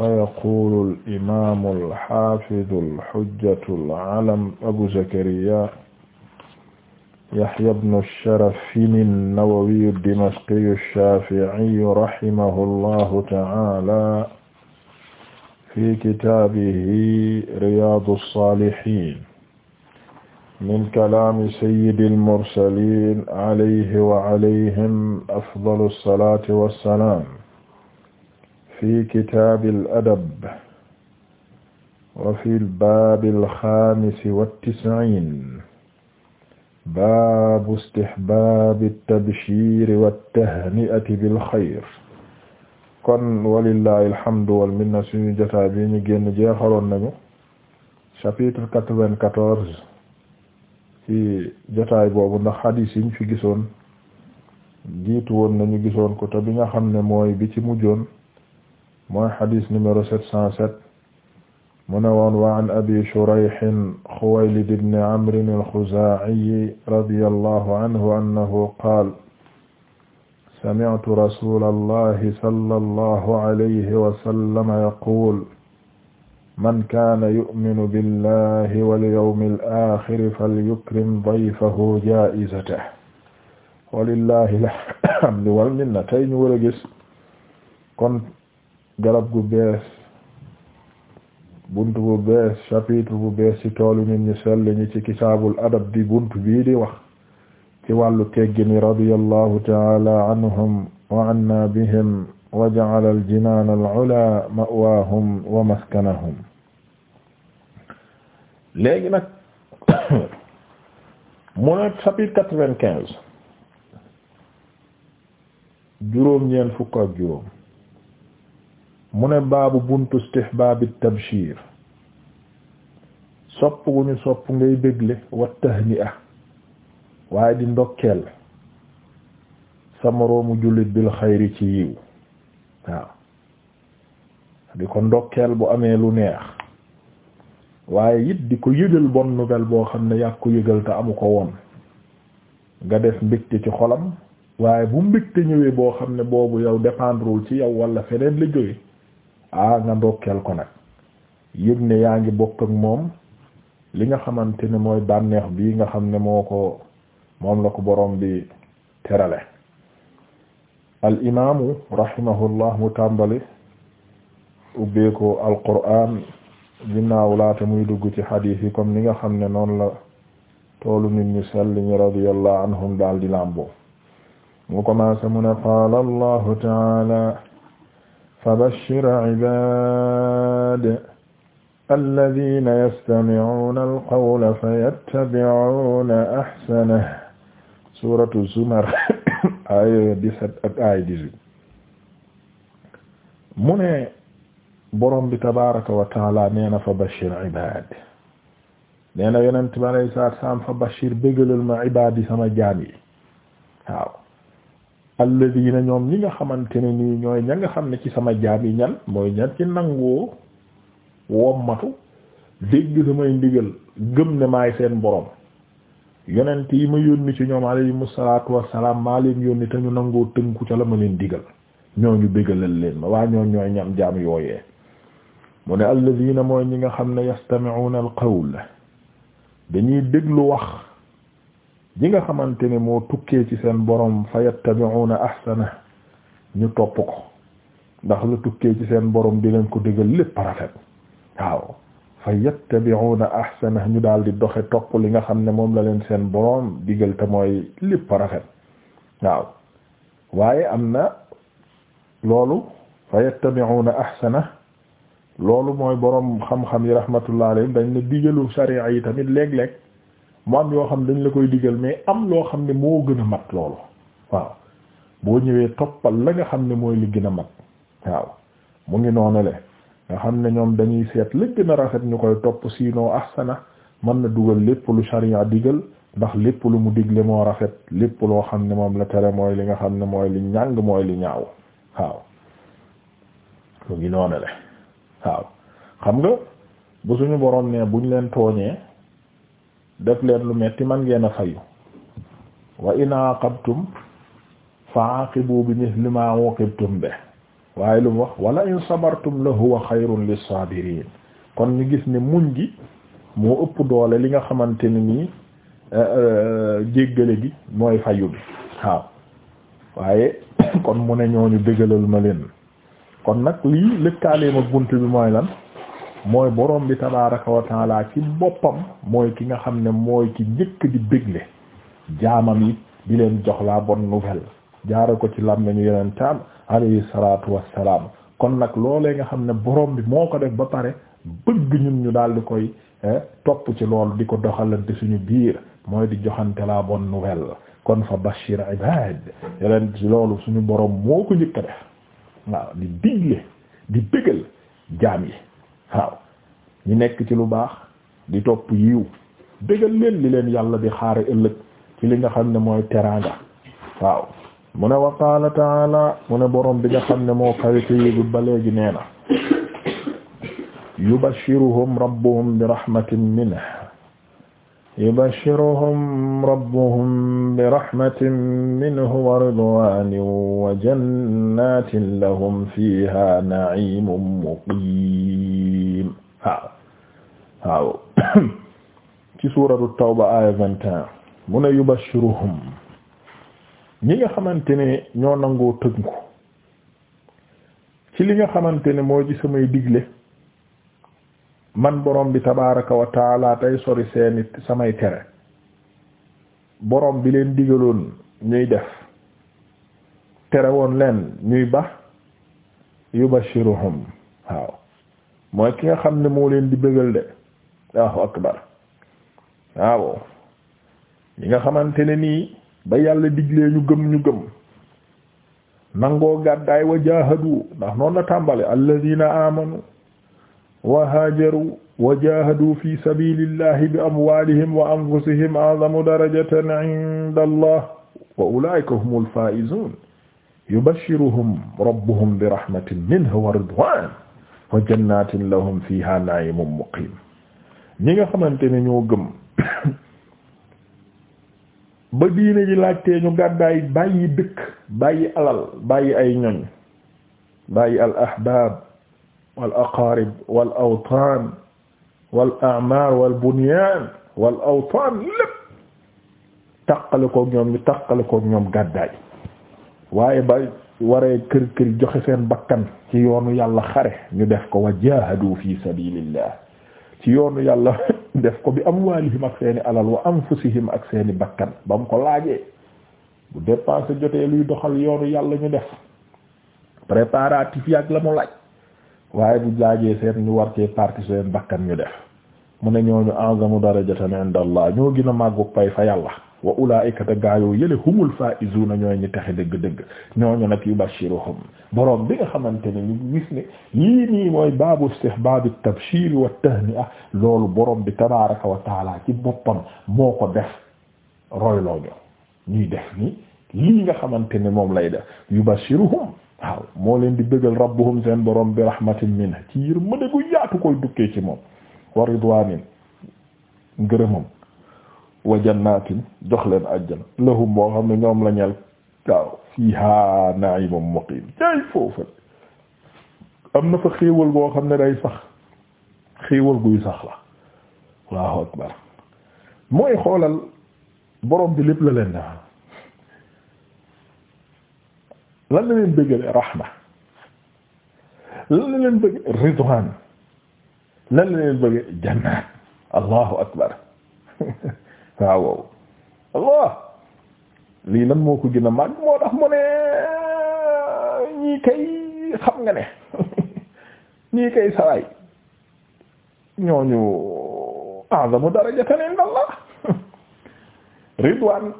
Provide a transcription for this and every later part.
فيقول الإمام الحافظ الحجة العلم أبو زكريا يحيى بن الشرف النووي الدمشقي الشافعي رحمه الله تعالى في كتابه رياض الصالحين من كلام سيد المرسلين عليه وعليهم أفضل الصلاة والسلام fi kitaabil adab wa fil baabil xaamisi wat-tis'iin baabu istihbaabi tabshiiri wat-tahni'ati bil xayr kon walillaahi alhamdu wal minna suñu jotaay bi génn jeexaloon nañu chapitre quatre-vingt-quatorze ci jotaay boobu ndax xadiis yi fi gisoon jiitu woon nañu gisoon ko te bi nga xam ne mooy bi ci mujjoon. mooy xadis numéro 707 mu ne woon wa an abi shurayh xuwaylid ibn amr al-xuzaa'i radiyallahu anhu annahu qaala sami'tu rasuulallahi sallallahu alayhi wa sallam yaquulu man kaana yu'minu billahi wal yawmil aaxiri falyukrim dayfahu jaa'izatahu wa lillaahil hamdu wal minna tey ñu war a gis kon garab gu bees buntu bu bees chapitre bu bees ci toolu nit ñu sell ñi ci kitaabul adab di buntu bii di wax ci wàllu teggini radiyallahu ta'ala anhum wa anna bihim wa ja'ala al-jinaan al-'ulaa ma'waahum wa maskanahum léegi nag mu ne chapitre quatre-vingt-quinze juróom ñeent fukk ak juróom mu ne baabu buntu istihbaabi tabshir sopp gu ñu sopp ngay bégle wa tahni'a waaye di ndokkeel sa moroomu jullit bil xayri ci yiw waaw di ko ndokkeel bu amee lu neex waaye it di ko yëgal bonne boo xam ne yàgg ko yëgal te amu ko woon nga def mbégte ci xolam waaye bu mbégte ñëwee boo xam ne boobu yow dépendrewul ci yow wala feneen la jóge ah nga ndokkeel ko nag yëg ne yaa ngi bokk ak moom li nga xamante ne mooy bànneex bii nga xam ne moo ko moom la ko borom bi terale al imaamu rahimahullah mu tàmbali ubbee ko al quraan ginnaaw laata muy dugg ci xadiis yi comme ni nga xam ne noonu la toolu nit ñu selli ñi radiyallahu anhum daal di lamboo mu commencé mu ne qaala allahu فبشر عباد الذين يستمعون القول فيتبعون أحسنه سورة الزمر aaya 17 ak aaya 18 mu ne borom bi tabaraka wa taala nee na fa bashir ibad nee na yonent bi alayhi salaatu wa salaam fa bashir bégalal ma ibad yi sama jaam yi alladina ñoom ñi nga xamante ne nii ñooy ña nga xam ne ci sama jaam yi ñan mooy ñan ci nangoo wommatu dégg samay ndigal gëm ne maay seen borom yonent yi ma yónni ci ñoom alayhimu salaatu wassalaam maa leen yónni te ñu nangoo tënku ca la ma leen digal ñooñu bégalal leen ma waa ñooñ ñooy ñam jaam yooyee mu ne alladina mooy ñi nga xam ne yastami'una al la dañuy déglu wax ji nga xamante ne moo tukkee ci seen borom fa yattabi'una ahsana ñu topp ko ndax lu tukkee ci seen boroom di leen ko digal lépp rafet waaw fa yattabi'una ahsana ñu daal di doxe topp li nga xam ne moom la leen seen borom digal te mooy lépp rafet waaw waaye am na loolu fa yattabi'una ahsana loolu mooy boroom xam-xam yi rahmatullah alayhim dañ ne digalu sariya yi tamit léeg-léeg. mu am yoo xam ne dañ la koy digal mais am loo xam ne moo gën a mat loolu waaw boo ñëwee toppal la nga xam ne mooy li gën a mat waaw mu ngi noonu le nga xam ne ñoom dañuy seet li gën a rafet ñu koy topp siinoo ahsana mën na dugal lépp lu sharia digal ndax lépp lu mu digle moo rafet lépp loo xam ne moom la tere mooy li nga xam ne mooy li ñàng mooy li ñaaw waaw mu ngi noonu le waaw xam nga bu suñu borom ne buñ leen tooñee def leen lu metti man ngeen a fayu wa in aqabtum fa aqibu bi mithli ma uqibtum be waaye lu mu wax wala in sabartum la huwa xayrun lissaabiriin kon ñu gis ni muñ gi moo ëpp doole li nga xamante ne nii eh, eh, jéggale gi mooy fayu bi waaw waaye kon mu ne ñooñu dëggalal ma leen kon nag lii lëkkaaleem ak bunt bi mooy lan mooy boroom bi tabaraka wa ci boppam mooy ki nga xam ne mooy ki njëkk di bégle jaamam yi di leen jox la bonne nouvelle jaara ko ci làmmiñu yonentam alayhi salaatu wassalaam kon nag loolee nga xam ne boroom bi moo ko def ba pare bëgg ñun ñu daal di koy eh, topp ci loolu di ko doxalante suñu biir mooy di joxante la bonne nouvelle kon fa bashir ibad yeneen loolu suñu borom moo ko njëkk a def waaw di digle di bégal jaam yi waaw ñu nekk ci lu baax di topp yiw dëggal leen li leen yàlla bi xaare ëllëg ci li nga xam ne mooy teraanga waaw mu ne wa qaala taala mu ne borom bi nga xam ne moo kawite yéegul ba léegi nee na yubashiruhum rabbuhum bi rahmatin minhu yubashiruhum rabbuhum bi rahmatin minhu wa ridwanin wa jannatin lahum fiha na'imun muqim ci suuratu tawba aaya vingt et un mu ne yubashiruhum ñi nga xamante ne ñoo nangoo tënku ci li nga xamante ne moo ci samay digle man borom bi tabaaraka wa taala tey sori seeni samay tere borom bi leen digaloon ñuy def tere woon leen ñuy bax yubashiruhum waaw mooy ki nga xam ne moo leen di bëggal de waaw akbar waaw ñi nga xamante ne nii ba yàlla diglee ñu gëm ñu gëm nangoo gàddaay wa jaahadu ndax noonu la tàmbale alladina amanu wa haajaru wa jaahadu fi sabilillahi bi amwalihim wa anfusihim a'zamu darajatan 'inda allah wa ulaika humul faa'izun yubashshiruhum rabbuhum bi rahmatin minhu wa ridwan wa jannatin lahum fiha na'imun muqim ñi nga xamante ne ñoo gëm ba diine ji laajtee ñu gàddaay bàyyi dëkk bàyyi alal bàyyi ay ñoñ bàyyi al ahbaab wal aqaarib wal awtaan wal amaar wal bunyaan wal awtaan lépp taqale koog ñoom ñu taqale koog ñoom gàddaay waaye ba waree kër kër joxe seen bakkan ci yoonu yàlla xare ñu def ko wa jaahadu fi sabilillah ci yoonu yàlla def ko bi amwaalihim ak seeni alal wa anfusihim ak seeni bakkan ba mu ko laajee bu dépense jotee luy doxal yoonu yàlla ñu def préparatif yàgg la mu laaj waaye bu laajee seen ñu war cee parti seen bakkan ñu def mu ne ñooñu azamu darajatan inda allah ñoo gën a màggu pay fa yàlla wa ulaa'ika te gaayoo yële humul na ñooy ñi texe dëgg-dëgg ñooñu nag yubashiruhum boroom bi nga xamante ne ñu gis ne yii nii mooy baabu istihbaab at-tabshiir wa at-tahni'a loolu boroom bi tabaaraka wa taala ko def royloo ñu ni lii nga xamante ne moom lay def yubashiruhum waaw moo leen di bëggal rabbuhum seen borom bi rahmatin minhu ci yërmande gu yaatu koy dukkee ci moom wa ridwaanin ngërëmam wa jannatin jox leen àjjana lahum moo xam ne ñoom la ñel waaw fiha na'imun muqim jaay foofu am na fa xéewal boo xam ne day sax xéewal guy sax la allahu akbar mooy xoolal borom bi lépp la leen defal lan la leen bëggale rahma lan la leen bëgg ridwaan lan jannaat allahu akbar waaw Allah lii lan moo ko gën a màgg moo tax mu ne ñii kay xam nga ne ñii kay sawaay ñooñu a'zamu darajatan inda Allah ridwaan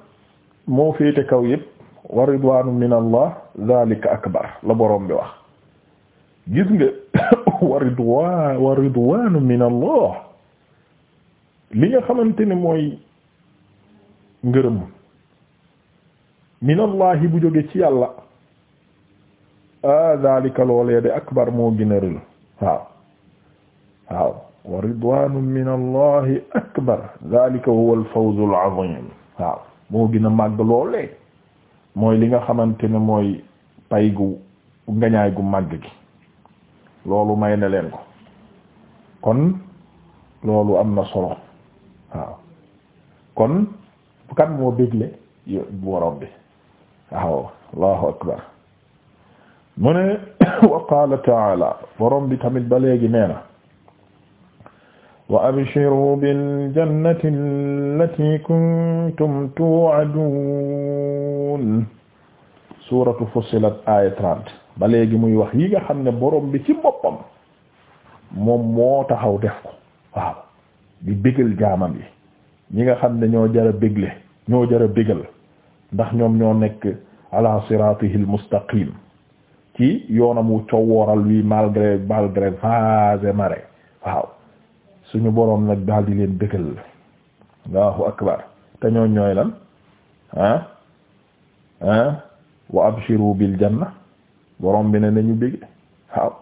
moo féete kaw yëpp wa ridwaanu min Allah zalika akbar la boroom bi wax gis nga wa ridwaan wa ridwaanu min Allah li nga xamante ne mooy ngërëm minallahi bu jóge ci yàlla a ah, dalika loolee de akbar moo gën a rël waaw waaw wa ridwanun minallahi akbar dalika huwa alfawzul azim waaw moo gën a màgg loolee mooy li nga xamante ne mooy pay gu ngañaay gu màgg gi loolu may na leen ko kon loolu am na solo waaw kon kan moo dégle borom bi waaw allahu akbar mu ne taala borom bi tamit ba léegi nee na wa abshiru bil jannati allati kuntum tu'adun suratu fussilat aya 30 ba léegi muy wax yi nga xam ne borom ci boppam moo taxaw def ko waaw di bégal jaamam yi ñi nga xam ne ñoo jara bégle ñoo jara bégal ndax ñoom ñoo nekk ala siratihil mustaqim ci yoonam wu coow wooral wi malgré malgré vase mare waaw suñu boroom nag daal di leen dëkkal allahu akbar te ñooñ ñooy lan ah ah wa abshiru bil janna boroom bi ne nañu bég waaw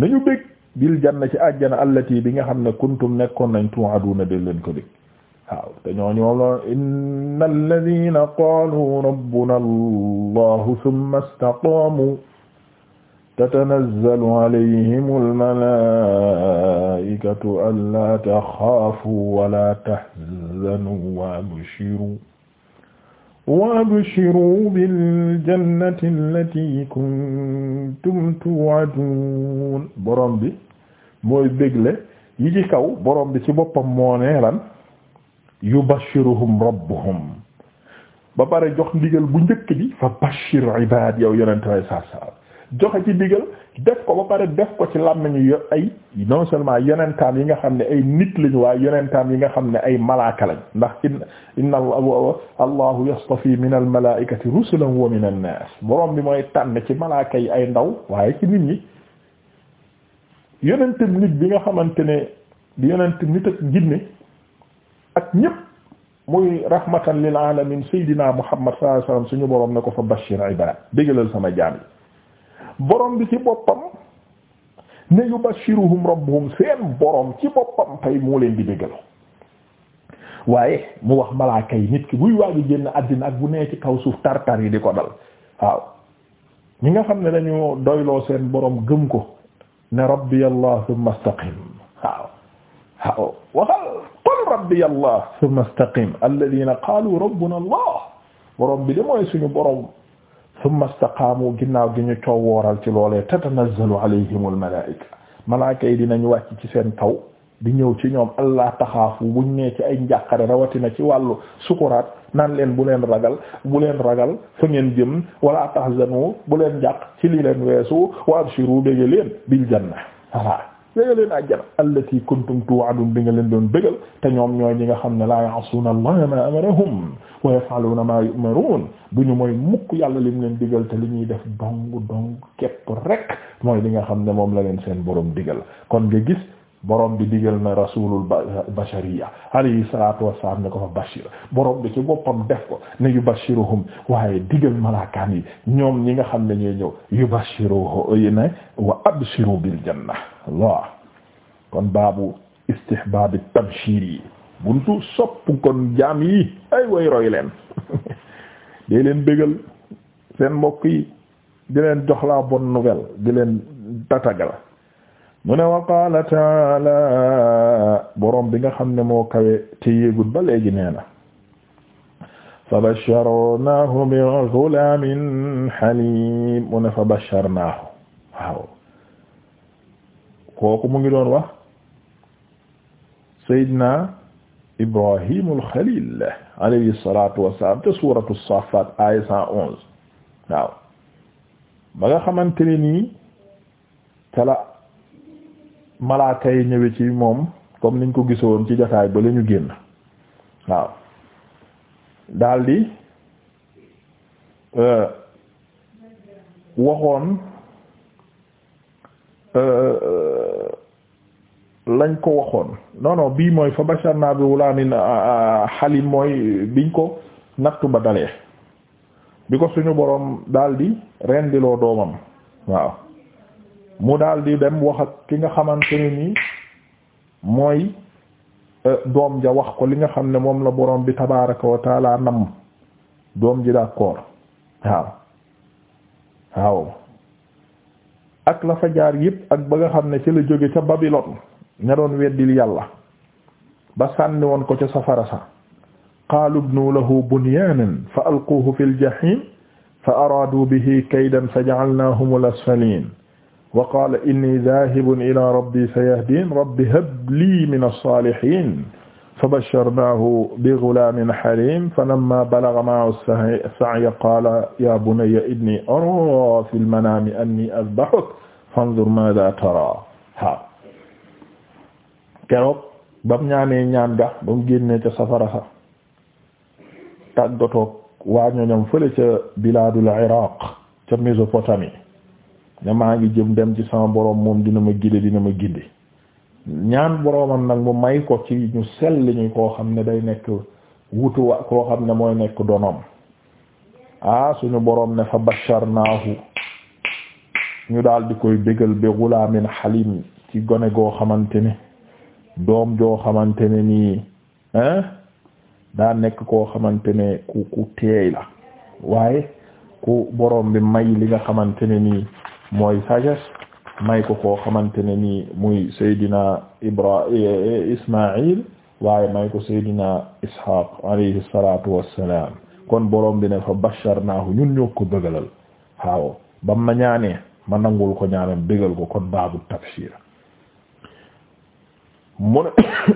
nañu bég bil janna ci àjjana allati bi nga xam ne kuntum nekkoon nañ tuaduna de leen ko dég waaw te ñooñu moom la inna alladina qaalu rabbuna allahu thumma istaqaamu tatanazzalu alayhim almalaikatu an la taxaafu wala tahzanu wa abshiru wa abshiru biljannati allati kuntum tu'adun borom bi mooy bégle yi ci kaw borom bi ci boppam moo ne lan yubashiruhum rabbuhum ba pare jox ndigal bu njëkk bi fa bashir ibad yow yonente way saa saa joxe ci ndigal def ko ba pare def ko ci làmmiñu yo ay non seulement yonentaan yi nga xam ne ay nit lañu waaye yonentaan yi nga xam ne ay malaaka lañ ndax in inna allahu yastafi min al malaikati rusulan wa min an nas borom bi mooy tànn ci malaaka yi ay ndaw waaye ci nit ñi yonente nit bi nga xamante ne di yonente nit ak jinne ak ñëpp muy rahmatan lil alamin saydina muhammad sallallahu alayhi suñu borom ne ko fa bashir ibad déggalal sama jaam yi borom bi ci boppam ne yubashiruhum rabbuhum seen borom ci boppam tey moo leen di déggal waaye mu wax malaaka yi nit ki buy waaju génn àddina ak bu nee ci taw suuf tartar yi di ko dal waaw ñi nga xam ne dañu doyloo seen boroom gëm ko ne rabbi allah waaw waxal qul rabbiya allah thumma istaqim alladhina qaalu rabbuna allah borom bi de mooy suñu borom thumma istaqaamu ginnaaw gi ñu coow wooral ci loolee tatanazzalu alayhim almalaa'ika malaaka yi dinañ wàcc ci seen kaw di ñëw ci ñoom allah taxaafu buñ nee ci ay njàqare rawatina ci wàllu sukuraat naan leen bu leen ragal bu leen ragal fa ngeen jëm wala tahzanu bu leen jàq ci li leen weesu wa abshiru bégg leen bil janna voilà yéga leen àjjana allati kuntum tu'adun bi nga leen doon bégal te ñoom ñooy ñi nga xam ne laa ya'suna allaha ma amarahum wa yaf'aluna ma yu'marun duñu mooy mukk yàlla lim leen digal te li ñuy def dong dong képp rek mooy li nga xam ne moom la leen seen borom digal kon nga gis boroom bi digal na rasulul bashariya alayhi salatu wassalam ne ko fa bashir borom bi ci boppam def ko ne yubashiruhum waaye digal malaakaan yi ñoom ñi nga xam ne ñooy ñëw yubashiruhu eh, ne wa abshiru bil janna Allah kon baabu istihbab tabshir yi buntu sopp kon jaam yi ay way roy leen day leen bégal seen mbokk yi di leen jox la bonne nouvelle di leen tatagal mu ne wa qaala taala borom bi nga xam ne moo kawe te yéegul ba léegi nee na fa basharnaahu bi ghulaamin haliim mu ne fa basharnaahu waaw kooku mu ngi doon wax Seydina Ibrahimul Xaliil alayhi salaatu wassalaam te suuratu Saafaat aaya cent onze waaw ba nga xamante ne nii malaaka yi ñëwee ci moom comme niñ ko gisoon ci jotaay ba la génn waaw daldi euh, waxoon euh, euh, lañ ko waxoon non bii mooy fa basharna bi wulaamin halim mooy biñ ko nattu ba dalee bi ko suñu boroom daldi rendiloo doomam waaw mu daal di dem wax ak ki nga xamante ne nii mooy euh, doom ja wax ko li nga xam ne moom la borom bi tabaraka wa taala nam doom ji d'accord waaw waaw ak la fa jaar yépp ak ba nga xam ne ci la jóge ca Babylone ña doon weddil yàlla ba sànni woon ko ca safara sa qaalu ibnu bunyaanan fa alquuhu fi ljahim fa araaduu bihi kaydan fa ja'alnaahum al wa qaala inni daahibun ilaa rabbi sayahdin rabbi hab lii mina saalihiin fabasharnaahu bigulaamin haliim falammaa balaga ma'ahu as-sa'ya qaala yaa bunayya innii araa fil manaami annii azbahuka fanzur maadaa taraa haa keroog ba mu ñaanee ñaan ga ba mu génnee ca safara sa tàggatoog waa ñoñam fële ca bilaadul Iraaq ca Mésopotamie ne maa ngi jëm dem ci sama boroom moom dina ma gide dina ma gindi ñaan boroomam nag mu may ko ci ñu sell ñu koo xam ne day nekk wutuwa koo xam ne mooy nekk donom ah suñu boroom ne fa basharnaahu ñu daal di koy bégal bi gulaamin halim ci gone goo xamante ne doom joo xamante ne nii hein daa nekk koo xamante ne ku ku teey la waaye ku boroom bi may li nga xamante ne nii mooy sagesse may ko koo xamante ne nii muy Seydina Ibra eh, eh, Ismaïl waaye may ko Seydina Ishaq alayhi salatu wassalam kon borom bi ne fa basharnaahu ñun ñoo ko bëggalal waaw bam ma ñaanee ma nangul ko ñaanam bëggal ko kon baabu tabshir mu ne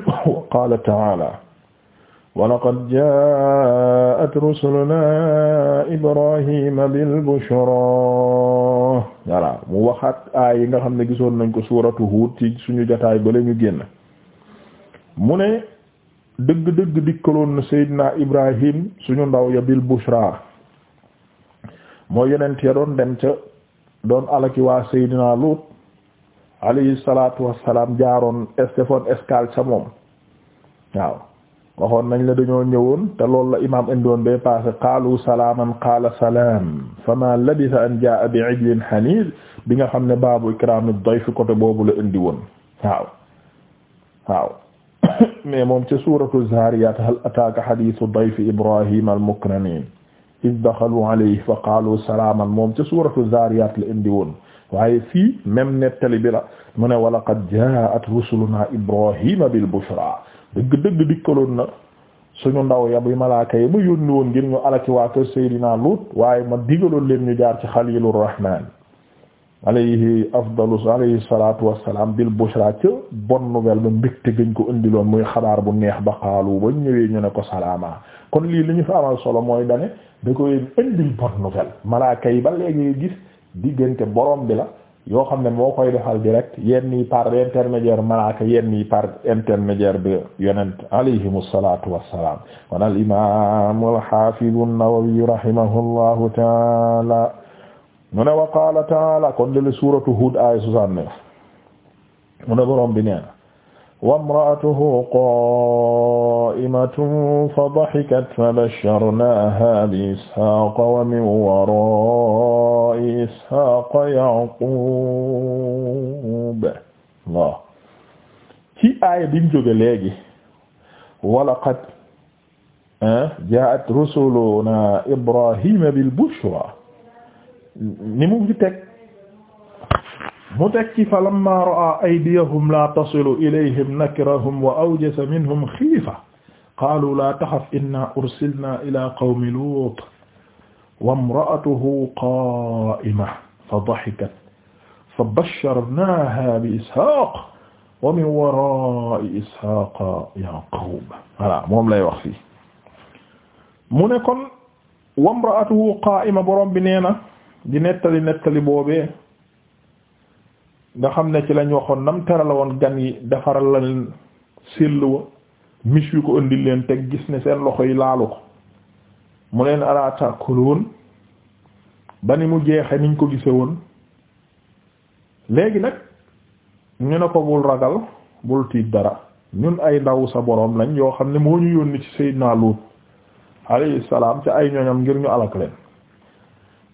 wa qala ta'ala walaqad jaa'at rusulunaa Ibrahima bil bushraa voilà mu waxaat aay yi nga xam ne gisoon nañ ko suuratu Huud suñu jataay bale ñu génn mu ne dëgg-dëgg dikkaloon na Seydina Ibrahim suñu ndaw ya bil bushraa moo yonent ya doon dem ca doon alaki waa Seydina Luut alayhi salaatu wassalaam jaaroon Stéphane Escale sa moom waaw waxoon nañ la dañoo ñëwoon te loolu la imaam indoon bee passé qaalu salaaman qaala salaam fama labisa an jaa bi ijlin haniz bi nga xam ne baabu ikraami dayf côté boobu la indi woon waaw waaw mais moom ca suuratu zaariyaat hal ataaka hadiisu dayfi ibrahima al-mukramiin iz daxalu alayhi fa qaalu salaaman moom ca suuratu zaariyaat la indi woon waaye fii même nettali bi la mu ne wa laqad jaa'at rusulunaa ibrahima bil bushraa dëgg dëgg dikkaloon na suñu ndaw ya bi malaaka yi ma yónni woon ngir ñu alaki waa kër Seydina Luut waaye ma digaloon leen ñu jaar ci xaliilu rahmaan alayhi afdalus alayhi salatu wassalam bil bushra ca bonne nouvelle ba te gañ ko indiloon muy xabaar bu neex ba xaalu ba ñëwee ñu ne ko salaama kon lii li ñu fa amal solo mooy dane da koy indil bonne nouvelle malaaka yi ba léegi gis diggante borom bi la yoo xam ne moo koy defal direct yenn yi par intermédiaire malaaka yenn yi par intermédiaire bi yonent alayhim asalatu wassalam kon al imam alhafidu an-Nawawi rahimahullahu taala mu ne wa qala taala kon dele suratu Hud aya 69 mu ne borom bi nee na wamra'atuhu qaa'imatun fadahikat fabashsharnaahaa bi Ishaaqa wa min waraa'i Ishaaqa Yaquub waaw ci aaya bi mu jóge léegi walaqad ah, jaa'at rusulunaa Ibraahiima bil bushraa ni mu ngi teg mu teg ci fa lamma ra'a aydiyahum la tasilu ilayhim nakirahum wa awjasa minhum xiifa qaalu la taxaf inna ursilna ila qawmi luut wa imra'atuhu qaa'ima fa daxikat fa basharnaaha bi isxaaq wa min waraa'i isxaaqa yaaqub voilà moom lay wax fii mu ne kon wa imra'atuhu qaa'ima borom bi nee na di nettali nettali boobee nga xam ne ci lañ waxoon nam terala woon gan yi defaral la leen séll wa mis yu ko ëndil leen teg gis ne seen loxo yi laalu ko mu leen alaa ta'kuluun ba ni mu jeexe niñ ko gise woon léegi nag ñu ne ko bul ragal bul tiit dara ñun ay ndaw sa boroom lañ yoo xam ne moo ñu yónni ci Seydina Luut alayhi salaam ca ay ñoñam ngir ñu alak leen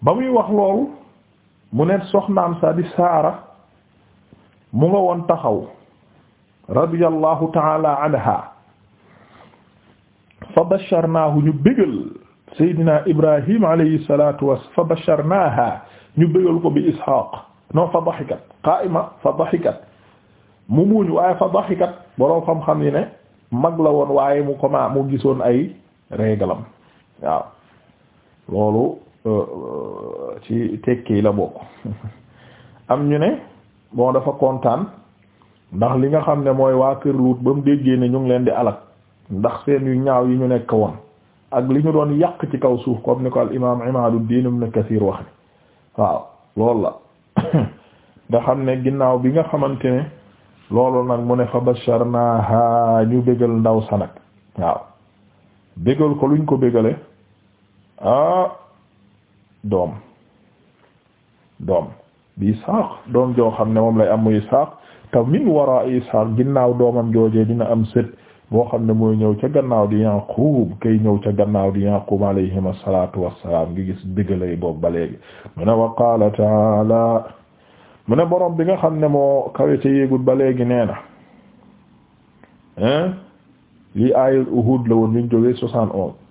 ba muy wax loolu mu ne soxnaam sa di Saara mu nga woon taxaw radiyallahu taala anha fa basharnaahu ñu bégal Seydina Ibrahim alayhi salatu fa daxikat qaa'ima fa daxikat mu muuñ waaye fa daxikat boroom xam-xam yi ne mag la won waaye mu comment mu gisoon ay régalam waaw loolu euh, euh, ci tekki la bokk am ñu ne bon dafa kontaan ndax li nga xam ne mooy waa kër Luut ba mu déggee ne ñu ngi leen di alak ndax seen yu ñaaw yi ñu nekk woon ak li ñu doon yàq ci kaw suuf comme ni ko al imaam Imaaduddin ibn Kasiir wax waaw loolu la nga xam ne ginnaaw bi nga xamante ne loolu nag mu ne fa basharnaaha ñu bégal ndaw sa nag waaw bégal ko luñ ko bégale ah doom doom bi Ishaq doom joo xam ne moom lay am muy Ishaq te min wara Ishaq ginnaaw doomam joojee dina am sët boo xam ne mooy ñëw ca gannaaw di Yaqub kay ñëw ca gannaaw di Yaqub alayhim asalatu wassalaam ngi gis dëggalay boobu ba léegi mu ne wa qaala taala mu ne borom bi nga xam ne moo kawe te yéegul ba léegi nee na hein lii aayul la woon ñu jógee soixante-onze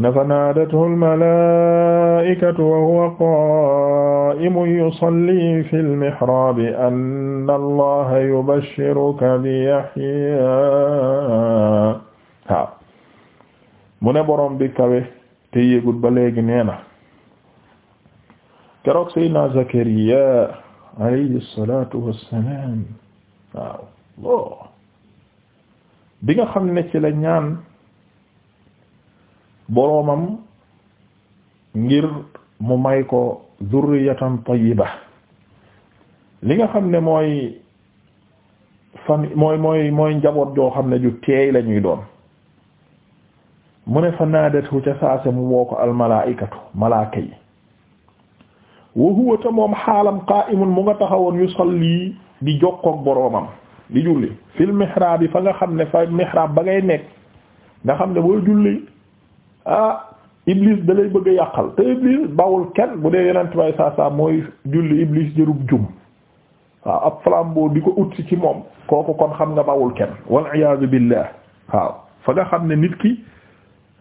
ne fanaadathu almalaikatu wa huwa qa'imun yusalli fi lmihrabi anna allaha yubashshiruka bi yahya waaw mu ne boroom bi kawe te yéegul ba léegi nee na keroog Seydina Zakariya alayhi salatu wassalam waaw bi nga xam ne ci la ñaan boroomam ngir mu may ko zurriyatan tayyiba li nga xam ne mooy famille mooy mooy mooy njaboot joo xam ne ju teey lañuy doon mu ne fa naadatu ca saase mu woo ko almalaaikatu malaaka yi wa moom xaalam qaa'imun mu nga taxawoon yusalli di jokkoog boroomam di julli fil mihraabi fa nga xam ne fa mihraab ba ngay nekk nga xam ne boo julli ah iblis da bëgg a yàqal te iblis bawul kenn bu dee yeneen tubaab saa saa mooy julli iblis jërub jum waaw ah, ab flambeau di ko ut si ci moom kooku kon xam nga bawul kenn wal iyaadu billah waaw fa nga xam ne nit ki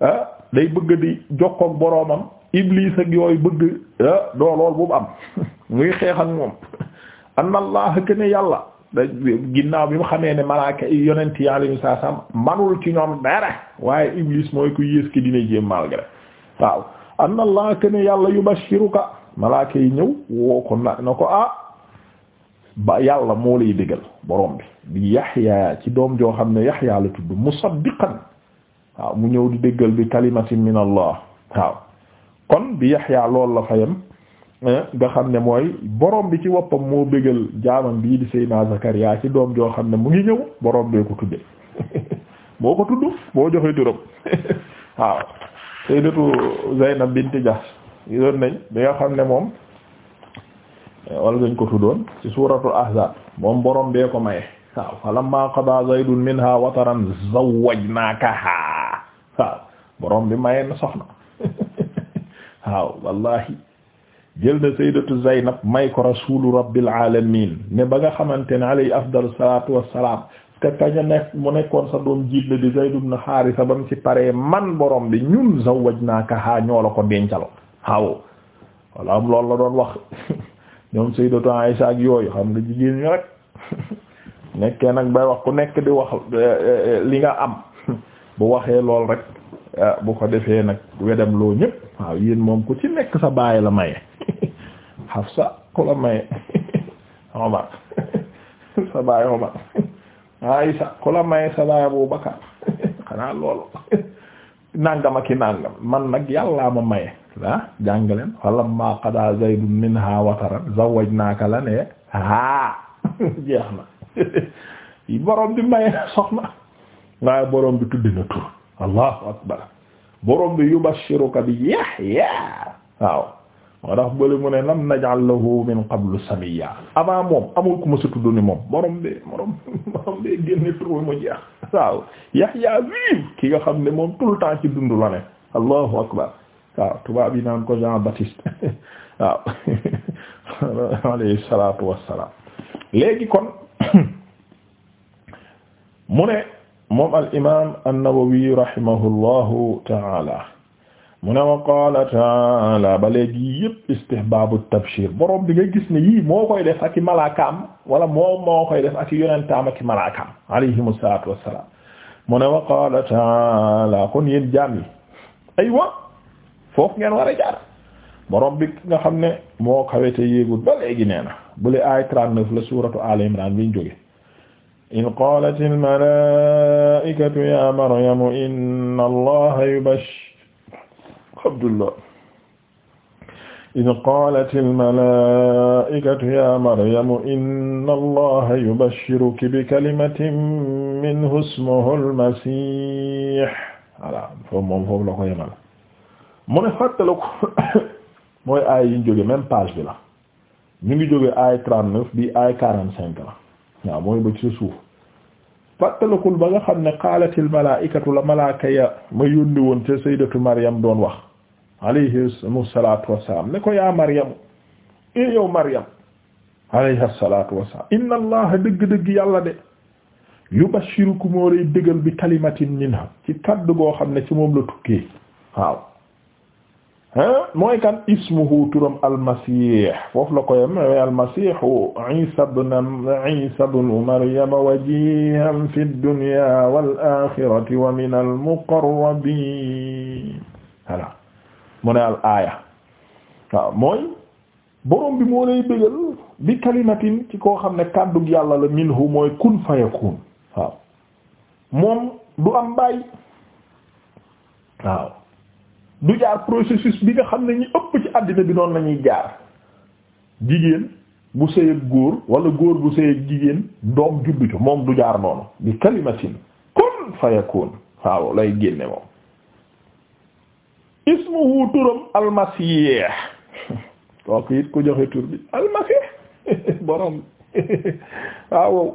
ah, day bëgg di jokkoog boroomam iblis ak yooyu bëgg ah bu am muy xeex ak moom an allah ne yàlla. da ginnaaw bi mu xamee ne malaaka yonent yi alayhi salaam manul ci ñoom dara waaye iblis mooy ku yées ki dina jéem malgré waaw anna allah kana yàlla yubashiruka malaaka yi ñëw woo ko na na ko ah ba yàlla moo lay déggal borom bi bi ci doom joo xam ne yaxya la tudd musaddiqan waaw mu ñëw di déggal bi kalimatin min allah waaw kon bi yaxya loolu la fayam Eh, nga xam ne mooy boroom bi ci woppam moo bégal jaamam bii di Seydina Zakariya ci doom joo xam ne mu ngi ñëw borom bee ko tudde boo ko tudd boo joxee turam waaw Sayyidatu Zaynab bint Jahsh yoon bi nga xam ne moom eh, wala dañ ko tuddoon ci suuratul Ahzab moom borom bee ko maye waaw falamma qadaa Zaydun minha bi maye na soxna waaw jël na sayyidatu Zaynab may ko rasulu rabbil alamin ne ba nga xamante ne alayhi afdalu salatu wassalam te kaña nekk mu nekkoon sa doom jiit la di Zayd ibn Haarisa bam ci pare man borom bi ñun zawwajnaakahaa ñoo la ko dencalo waaw walla am loolu la doon wax ñoom sayyidatu Aisha ak yooyu xam nga jigéen ñu rek nekkee nag bay wax ku nekk di wax eh, eh, eh, li nga am bu waxee lool rek Ah, bu ko defee nag wedam loo ñëpp waaw yéen moom ku ci nekk sa baay la maye Hafsa ku la maye Omar sa baay Omar Aïsa ku la maye sa baay Abu Bakar xanaa loolu nangam ak i man nag yàllaa ma maye ah jàngaleen falamma qada zaydun minha wataran zawwajnaaka la ne haa jeex na borom bi maye soxna waaye borom bi tuddi na tur allahu akbar borom bi yubashiruka bi Yahya waaw moo tax mu ne lam naj'al lahu min qablu samiyya avant moom amul ku ma sa tudd ni moom borom bi borom borom bi génne tur mu jeex waaw Yahya vive ki nga xam ne moom tout le temps ci dund la ne allahu akbar waaw tubaab yi naan ko Jean Baptiste waaw alayhi salaatu wassalaam léegi kon mu ne moom al imaam an-Nawawi rahimahullahu taala mu ne wa qaala taala ba léegi yëpp istihbaabu tabshir borom bi nga moo koy def ak i malaakaam wala moom moo koy def ak i yonentaam ak i malaakaam alayhimu salaatu wassalaam mu ne wa qaala taala kon yéen jaam yi aywa ngeen war a jaar borom bi nga xam ne moo kawete yéegul ba léegi nee na bu le aay 39 la suuratu Al Imran biñ jóge إذ قالت الملائكة يا مريم إن الله يبشر عبد الله إذ قالت الملائكة يا مريم إن الله يبشرك بكلمة منه اسمه المسيح voilà foofu moom foofu la ko yemal mu ne fàttala ko mooy aay yi ñu jóge même page bi la ñu ngi jóge aay 39 bi aay 45 la waaw mooy ba ci suuf fàttalikul ba nga xam ne qaalatil malaa'ikatu la malaaka ya ma yónni woon ca sayyidatu Maryam doon wax alayhi salaatu wassalaam ne ko yaa Maryam ee eh, yow Maryam alayha salaatu wassalaam inna allaha dëgg-dëgg yàlla de yubashiruku moo lay dëggal bi kalimatin minha ci kaddu goo xam ne ci moom la tukkee waaw mooy kan ismuhu turam almasih foofu la ko yem almasihu isa ibn isa ibn maryama wajihan fi dunya wal akhirati wa min al muqarrabin voilà mu ne al aaya waaw mooy borom bi moo lay bëggal bi kalimatin ci koo xam ne kàddug yàlla la minhu mooy kun fayakun waaw moom du am bàyyi waaw du jaar processus bi nga xam ne ñu ëpp ci àddina bi noonu la ñuy jaar jigéen bu sëy góor wala góor bu sëy jigéen doom juddu ci moom du jaar noonu bi kalimatin kun fayakun waaw lay génne moom ismuhu turam almasih kooku it ku joxe tur bi almasih borom waaw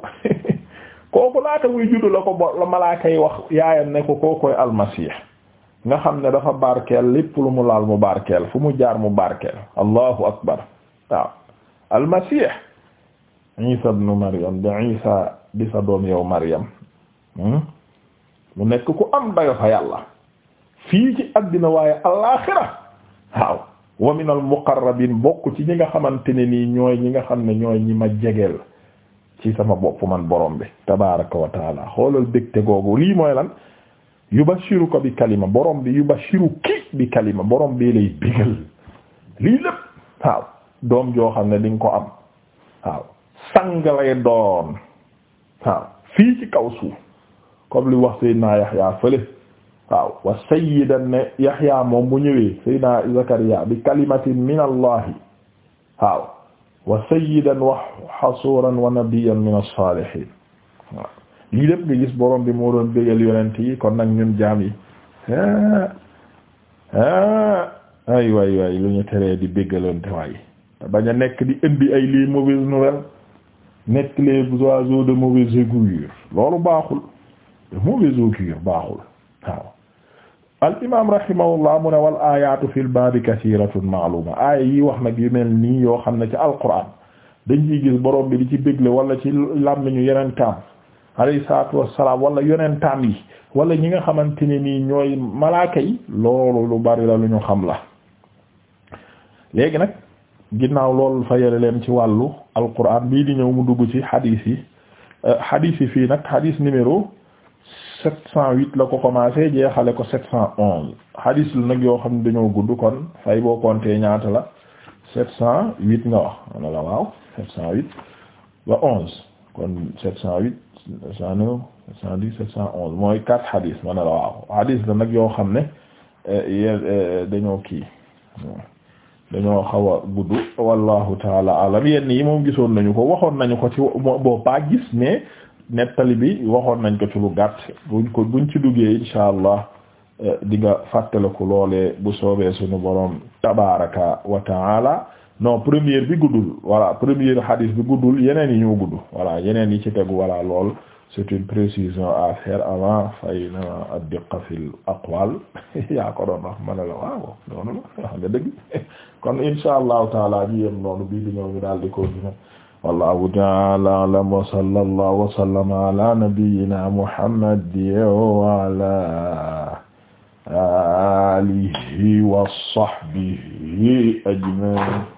kooku laata muy juddu la ko bo la malaaka yi wax yaayam ne ko koo koy nga xam ne dafa barkeel lépp lu mu laal mu barkeel fu mu jaar mu barkeel allahu akbar waaw almasih isa ibn maryam di isa di sa doom yow maryam hmm? mu nekk ku am dayo fa yàlla fii ci àddina waaye alaaxira waaw wa min bokk ci ñi nga xamante ne nii ñooy ñi nga xam ne ñooy ñi ma jegeel ci sama bopp man borom bi tabaraka wa taala xoolal dégte googu lii mooy lan yubashiruka bi kalima borom bi yubashiruki bi kalima borom bi lay bigal lii lépp waaw doom joo xam ne di nga ko am waaw sang lay doon waaw fii ci kaw suuf comme li wax Seydina Yahya fële waaw wa sayyidan ne Yahya moom bu ñëwee Seydina Zakariya bi kalimatin min allahi waaw wa sayyidan wa hasuran wa nabiyyan min as-salihin waaw lii lépp nga gis boroom bi moo doon bégal yonent yi kon nag ñun jaam yi ah ay way way lu ñu teree di béggalante waay bañ a nekk di indi ay lii mauvaises nouvelles nekk les oiseaux de mauvaise augure loolu baaxul de mauvaise augure baaxul waaw al imam rahimahullah mu ne wal ayatu fil babi kasiratun maaluma aaya yi wax nag yu mel nii yoo xam ne ci alquran dañ ciy gis borom bi di ci bégle wala ci làmmiñu yeneen kaam alayhi salaatu wassalaam walla yonentaan yi wala ñi nga xamante ne nii ñooy malaaka yi loolu lu bari la lu ñu xam la léegi nag ginnaaw loolu fayale leen ci wàllu alquran bii di ñëw mu dugg ci hadith yi hadith euh, yi fii nag hadith numéro 708 la ko commencé jeexale ko 711 hadith lu nag yoo xam ne dañoo gudd kon fay boo compter ñaata la 708 nga wax man la waaw 708 ba 11 kon 708. cent neuf cent dix sept cent onze mooy quatre xadis ma ne la waaw xadis la nag yoo xam ne eh, eh, dañoo kii dañoo xaw a gudd wallahu taala alam yenn yi moom gisoon nañu ko waxoon nañu ko ci boo baa gis mais nettali bi waxoon nañ ko ci lu gàtt buñ ko buñ ci duggee insha allah eh, di nga fàttaliku loolee bu soobee suñu borom tabaraka wa taala non première bi guddul voilà première hadith bi guddul yeneen yi ñoo gudd yeneen yi ci tegu voilà lool c'est une précision à faire avant fay na ad-diqqa fil aqwal yaa ko doon wax ma ne la waaw noonu la wax nga dëgg kon insha allahu taala ñu yem noonu bii di ñëw ñu daal di ko dina wallahu ta'ala a'lam wa sallallahu wa sallama ala nabiyyina muhammad wa ala alihi wa sahbihi ajma'in